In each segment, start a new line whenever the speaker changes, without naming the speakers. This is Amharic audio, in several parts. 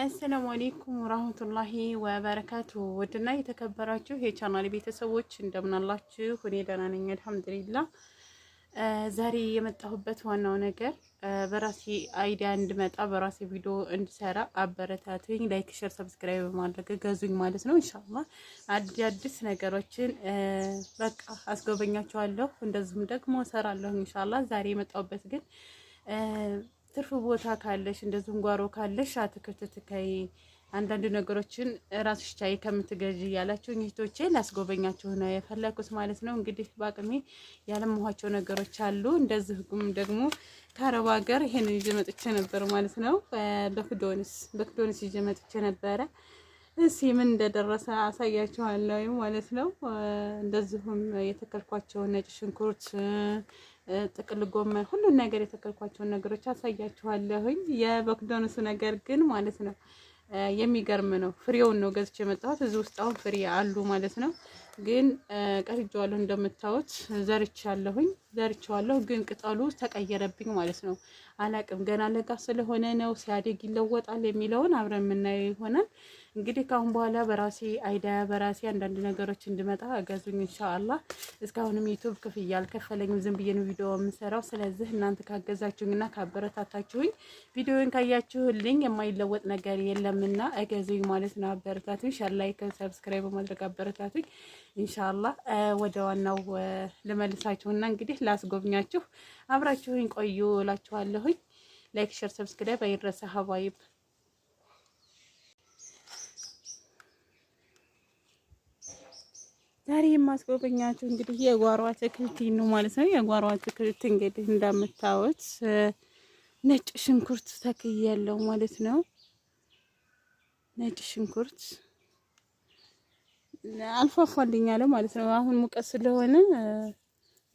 አሰላሙ አሌይኩም ራህመቱላሂ ወበረካቱ። ውድና የተከበራችሁ የቻናል ቤተሰቦች እንደምናላችሁ፣ እኔ ደህና ነኝ አልሐምዱሊላህ። ዛሬ የመጣሁበት ዋናው ነገር በራሴ አይዲያ እንድመጣ በራሴ ቪዲዮ እንድሰራ አበረታቱኝ። ላይክ፣ ሸር፣ ሰብስክራይብ በማድረግ ገዙኝ ማለት ነው። ኢንሻአላህ አዳዲስ ነገሮችን በቃ አስጎበኛችኋለሁ። እንደዚሁም ደግሞ እሰራለሁ ኢንሻአላህ። ዛሬ የመጣሁበት ግን ትርፍ ቦታ ካለሽ እንደ ዝንጓሮ ካለሽ አትክልት ትከይ፣ አንዳንድ ነገሮችን ራስሽ ቻይ ከምትገዢ እያላችሁ እህቶቼ ላስጎበኛችሁ ነው የፈለግኩት ማለት ነው። እንግዲህ በአቅሜ ያለመኋቸው ነገሮች አሉ። እንደዚህ ጉም ደግሞ ከአረብ ሀገር ይሄንን ይዤ መጥቼ ነበር ማለት ነው። በክዶንስ በክዶንስ ይዤ መጥቼ ነበረ። እስኪ ምን እንደደረሰ አሳያችኋለሁ ማለት ነው። እንደዚሁም የተከልኳቸውን ነጭ ሽንኩርት፣ ጥቅል ጎመን፣ ሁሉን ነገር የተከልኳቸውን ነገሮች አሳያችኋለሁኝ። የበክዶንሱ ነገር ግን ማለት ነው የሚገርም ነው። ፍሬውን ነው ገዝቼ የመጣሁት። እዚህ ውስጥ አሁን ፍሬ አሉ ማለት ነው። ግን ቀርጄዋለሁ እንደምታዩት ዘርቻለሁኝ ዘርቼዋለሁ። ግን ቅጠሉ ተቀየረብኝ ማለት ነው። አላቅም ገና ለጋ ስለሆነ ነው ሲያድግ ይለወጣል የሚለውን አብረን የምናየው ይሆናል። እንግዲህ ካሁን በኋላ በራሴ አይዳ በራሴ አንዳንድ ነገሮች እንድመጣ አገዙኝ ኢንሻአላህ። እስካሁንም ዩቲዩብ ክፍያ አልከፈለኝም፣ ዝም ብዬ ነው ቪዲዮ የምሰራው። ስለዚህ እናንተ ካገዛችሁኝና ካበረታታችሁኝ ቪዲዮን ካያችሁልኝ የማይለወጥ ነገር የለምና እገዙኝ ማለት ነው። አበረታቱኝ፣ ሼር፣ ላይክ፣ ሰብስክራይብ ማድረግ አበረታቱኝ ኢንሻአላህ። ወደ ዋናው ልመልሳችሁና እንግዲህ ላስጎብኛችሁ፣ አብራችሁኝ ቆዩ እላችኋለሁኝ። ላይክ፣ ሼር፣ ሰብስክራይብ አይረሳ ሀባይብ ዛሬ የማስጎበኛችሁ እንግዲህ የጓሮ አትክልት ነው ማለት ነው። የጓሮ አትክልት እንግዲህ እንደምታዩት ነጭ ሽንኩርት ተክያለው ማለት ነው። ነጭ ሽንኩርት አልፏፏልኝ አለ ማለት ነው። አሁን ሙቀት ስለሆነ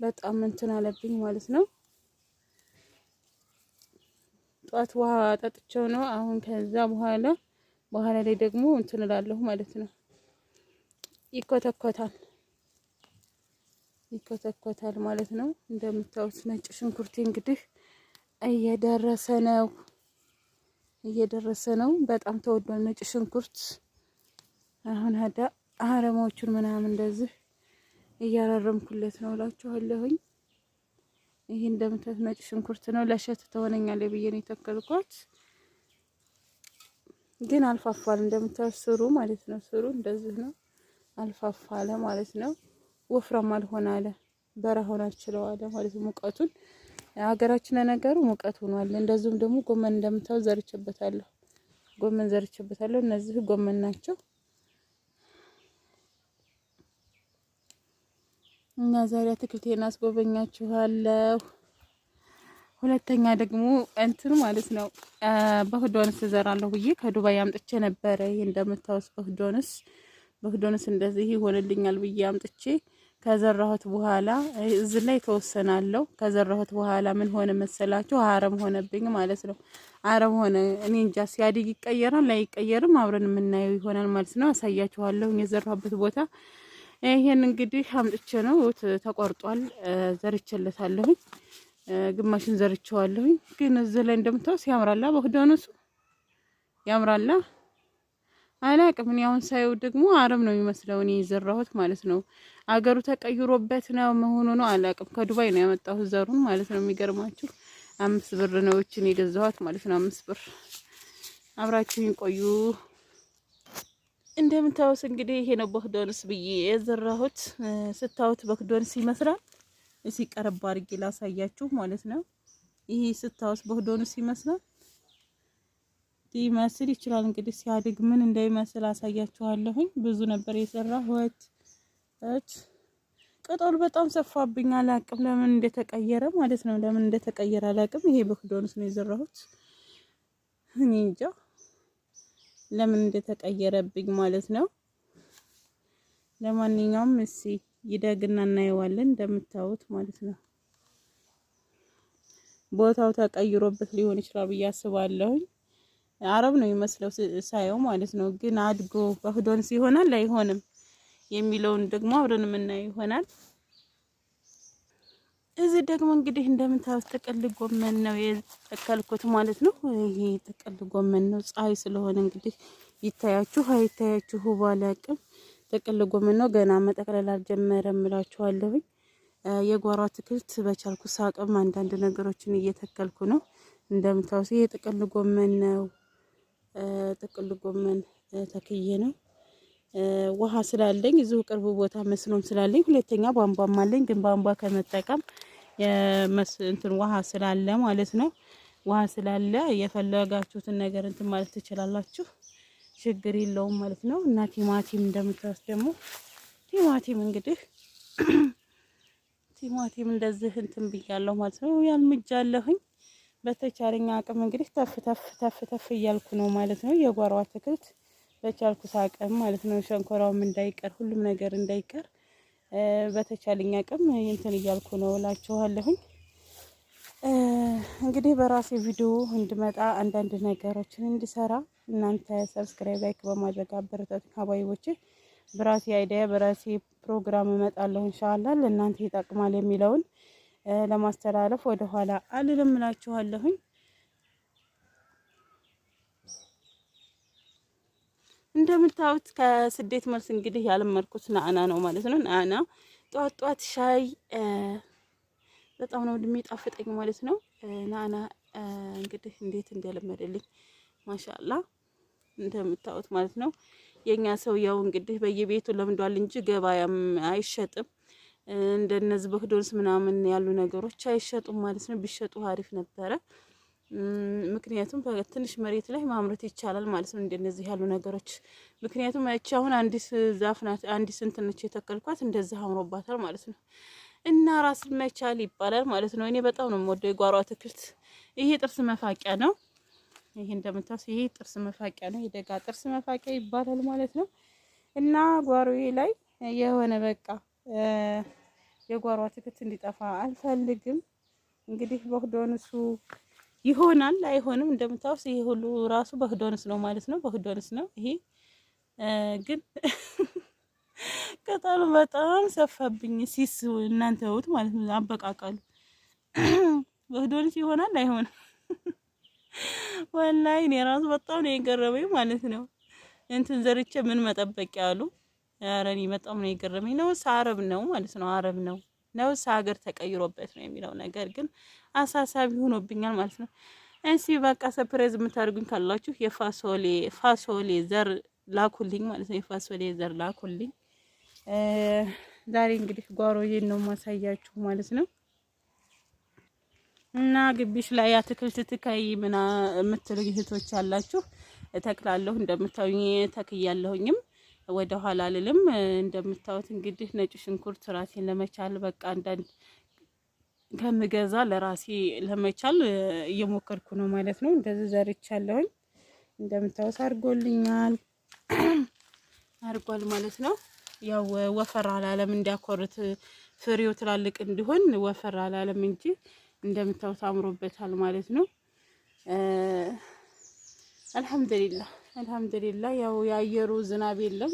በጣም እንትን አለብኝ ማለት ነው። ጧት ውሃ ጠጥቼው ነው አሁን። ከዛ በኋላ በኋላ ላይ ደግሞ እንትን እላለሁ ማለት ነው። ይኮተኮታል ይኮተኮታል ማለት ነው። እንደምታዩት ነጭ ሽንኩርቴ እንግዲህ እየደረሰ ነው እየደረሰ ነው። በጣም ተወዷል ነጭ ሽንኩርት። አሁን አዳ አረማዎቹን ምናምን እንደዚህ እያራረምኩለት ነው እላችኋለሁኝ። ይህ እንደምታዩት ነጭ ሽንኩርት ነው። ለሸት ትሆነኛለች ብዬ ነው የተከልኳት፣ ግን አልፋፋል። እንደምታዩት ስሩ ማለት ነው። ስሩ እንደዚህ ነው። አልፋፋ አለ ማለት ነው። ወፍራም አልሆነ አለ በረሆን አልችለው አለ ማለት ሙቀቱን ሀገራችን ነገሩ ሙቀት ሆኗል። እንደዚሁም ደግሞ ጎመን እንደምታው ዘርቼበታለሁ። ጎመን ዘርቼበታለሁ። እነዚህ ጎመን ናቸው እና ዛሬ አትክልቴን አስጎበኛችኋለሁ። ሁለተኛ ደግሞ እንትን ማለት ነው በህዶንስ እዘራለሁ ብዬ ከዱባይ አምጥቼ ነበረ። ይህ እንደምታወስ በህዶንስ መክዶንስ እንደዚህ ይሆንልኛል ብዬ አምጥቼ ከዘራሁት በኋላ እዚህ ላይ ተወሰናለሁ። ከዘራሁት በኋላ ምን ሆነ መሰላችሁ? አረም ሆነብኝ ማለት ነው። አረም ሆነ። እኔ እንጃ ሲያድግ ይቀየራል አይቀየርም፣ አብረን የምናየው ይሆናል ማለት ነው። አሳያችኋለሁ የዘራሁበት ቦታ። ይሄን እንግዲህ አምጥቼ ነው ተቆርጧል። ዘርቼለታለሁኝ፣ ግማሽን ዘርቼዋለሁኝ። ግን እዚህ ላይ እንደምታውስ ያምራላ በክዳነሱ ያምራላ አላቅም። እኔ አሁን ሳየው ደግሞ አረብ ነው የሚመስለው እኔ የዘራሁት ማለት ነው። አገሩ ተቀይሮበት ነው መሆኑ ነው አላቅም። ከዱባይ ነው ያመጣሁት ዘሩን ማለት ነው። የሚገርማችሁ አምስት ብር ነው እችን የገዛኋት ማለት ነው። አምስት ብር አብራችሁኝ ቆዩ። እንደምታዩት እንግዲህ ይሄ ነው በክዶንስ ብዬ የዘራሁት። ስታዩት በክዶንስ ይመስላል። እስኪ ቀረብ አድርጌ ላሳያችሁ ማለት ነው። ይሄ ስታዩት በክዶንስ ይመስላል። ሊመስል ይችላል። እንግዲህ ሲያድግ ምን እንዳይመስል አሳያችኋለሁኝ። ብዙ ነበር የሰራሁት። ቅጠሉ በጣም ሰፋብኝ፣ አላቅም ለምን እንደተቀየረ ማለት ነው። ለምን እንደተቀየረ አላቅም። ይሄ በክዶንስ ነው የዘራሁት። እኔ እንጃ ለምን እንደተቀየረብኝ ማለት ነው። ለማንኛውም እሺ ይደግና እናየዋለን፣ እንደምታዩት ማለት ነው። ቦታው ተቀይሮበት ሊሆን ይችላል ብዬ አስባለሁኝ። አረብ ነው የሚመስለው ሳየው ማለት ነው። ግን አድጎ በህዶን ሲሆናል አይሆንም የሚለውን ደግሞ አብረን የምናየው ይሆናል። እዚህ ደግሞ እንግዲህ እንደምታዩት ጥቅል ጎመን ነው የተከልኩት ማለት ነው። ይሄ ጥቅል ጎመን ነው። ፀሐይ ስለሆነ እንግዲህ ይታያችሁ አይታያችሁ ባላቅም ጥቅል ጎመን ነው። ገና መጠቅለል አልጀመረም እላችኋለሁኝ። የጓሮ አትክልት በቻልኩ ሳቅም አንዳንድ ነገሮችን እየተከልኩ ነው። እንደምታዩት ይሄ ጥቅል ጎመን ነው። ጥቅል ጎመን ተክዬ ነው። ውሃ ስላለኝ እዚሁ ቅርብ ቦታ መስኖም ስላለኝ፣ ሁለተኛ ቧንቧም አለኝ። ግን ቧንቧ ከመጠቀም እንትን ውሃ ስላለ ማለት ነው። ውሃ ስላለ የፈለጋችሁትን ነገር እንትን ማለት ትችላላችሁ። ችግር የለውም ማለት ነው። እና ቲማቲም እንደምታዩት ደግሞ ቲማቲም እንግዲህ ቲማቲም እንደዚህ እንትን ብያለሁ ማለት ነው። ያልምጃለሁኝ በተቻለኝ አቅም እንግዲህ ተፍ ተፍ ተፍ ተፍ እያልኩ ነው ማለት ነው። የጓሮ አትክልት በቻልኩት አቅም ማለት ነው። ሸንኮራውም እንዳይቀር ሁሉም ነገር እንዳይቀር በተቻለኝ አቅም እንትን እያልኩ ነው እላችኋለሁኝ። እንግዲህ በራሴ ቪዲዮ እንድመጣ አንዳንድ ነገሮችን እንድሰራ እናንተ ሰብስክራይብ፣ ላይክ በማድረግ አበረታት አባይቦቼ። በራሴ አይዲያ በራሴ ፕሮግራም እመጣለሁ ኢንሻአላህ ለእናንተ ይጠቅማል የሚለውን ለማስተላለፍ ወደኋላ አልልም እላችኋለሁኝ። እንደምታዩት ከስደት መልስ እንግዲህ ያለመድኩት ናአና ነው ማለት ነው። ናአና ጧት ጧት ሻይ በጣም ነው የሚጣፍጠኝ ማለት ነው። ናአና እንግዲህ እንዴት እንደለመደልኝ ማሻላ እንደምታዩት ማለት ነው። የኛ ሰው ያው እንግዲህ በየቤቱ ለምዷል እንጂ ገበያም አይሸጥም። እንደነዚህ በክዶንስ ምናምን ያሉ ነገሮች አይሸጡም ማለት ነው። ቢሸጡ አሪፍ ነበረ። ምክንያቱም በትንሽ መሬት ላይ ማምረት ይቻላል ማለት ነው፣ እንደነዚህ ያሉ ነገሮች። ምክንያቱም እቺ አሁን አንዲት ዛፍ ናት፣ አንዲት ስንት የተከልኳት፣ እንደዚህ አምሮባታል ማለት ነው። እና ራስን መቻል ይባላል ማለት ነው። እኔ በጣም ነው የምወደው የጓሮ አትክልት። ይሄ ጥርስ መፋቂያ ነው። ይሄ እንደምታስ ይሄ ጥርስ መፋቂያ ነው። የደጋ ጥርስ መፋቂያ ይባላል ማለት ነው። እና ጓሮዬ ላይ የሆነ በቃ የጓሮ አትክልት እንዲጠፋ አልፈልግም። እንግዲህ በክዶንሱ ይሆናል አይሆንም። እንደምታውስ ይሄ ሁሉ ራሱ በክዶንስ ነው ማለት ነው፣ በክዶንስ ነው ይሄ። ግን ቅጠሉ በጣም ሰፋብኝ ሲስ እናንተ ውት ማለት ነው አበቃቀሉ በክዶንስ ይሆናል አይሆንም። ወላይ እኔ ራሱ በጣም ነው የገረመኝ ማለት ነው። እንትን ዘርቼ ምን መጠበቂያ አሉ ኧረ እኔ በጣም ነው የገረመኝ። ነውስ አረብ ነው ማለት ነው፣ አረብ ነው ነውስ ሀገር ተቀይሮበት ነው የሚለው ነገር ግን አሳሳቢ ሆኖብኛል ማለት ነው። እንሲ በቃ ሰፕሬዝ የምታደርጉኝ ካላችሁ የፋሶሌ ፋሶሌ ዘር ላኩልኝ ማለት ነው። የፋሶሌ ዘር ላኩልኝ። ዛሬ እንግዲህ ጓሮዬን ነው ማሳያችሁ ማለት ነው። እና ግቢሽ ላይ አትክልት ትከይ ምና የምትሉ እህቶች አላችሁ። እተክላለሁ እንደምታዩኝ ተክያለሁኝም ወደ ኋላ አልልም። እንደምታዩት እንግዲህ ነጭ ሽንኩርት ራሴን ለመቻል በቃ አንዳንድ ከምገዛ ለራሴ ለመቻል እየሞከርኩ ነው ማለት ነው። እንደዚህ ዘርቻለሁኝ። እንደምታዩት አድርጎልኛል፣ አድርጓል ማለት ነው። ያው ወፈር አላለም እንዲያኮርት ፍሬው ትላልቅ እንዲሆን ወፈር አላለም እንጂ እንደምታዩት አምሮበታል ማለት ነው። አልሐምዱሊላህ አልሐምዱሊላ ያው የአየሩ ዝናብ የለም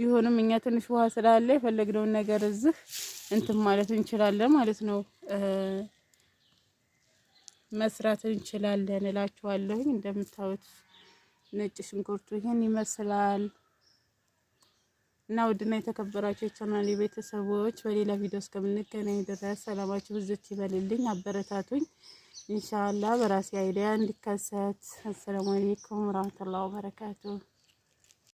ቢሆንም እኛ ትንሽ ውሃ ስላለ የፈለግነውን ነገር እዚህ እንትን ማለት እንችላለን ማለት ነው፣ መስራት እንችላለን እላችኋለሁ። እንደምታዩት ነጭ ሽንኩርቱ ይሄን ይመስላል እና ውድና የተከበራችሁ የቻናሌ ቤተሰቦች በሌላ ቪዲዮ እስከምንገናኝ ድረስ ሰላማችሁ ብዙት ይበልልኝ። አበረታቱኝ። ኢንሻአላህ በራሴ አይዲያ እንዲከሰት። አሰላሙ አሌይኩም ወራህመቱላሂ ወበረካቱ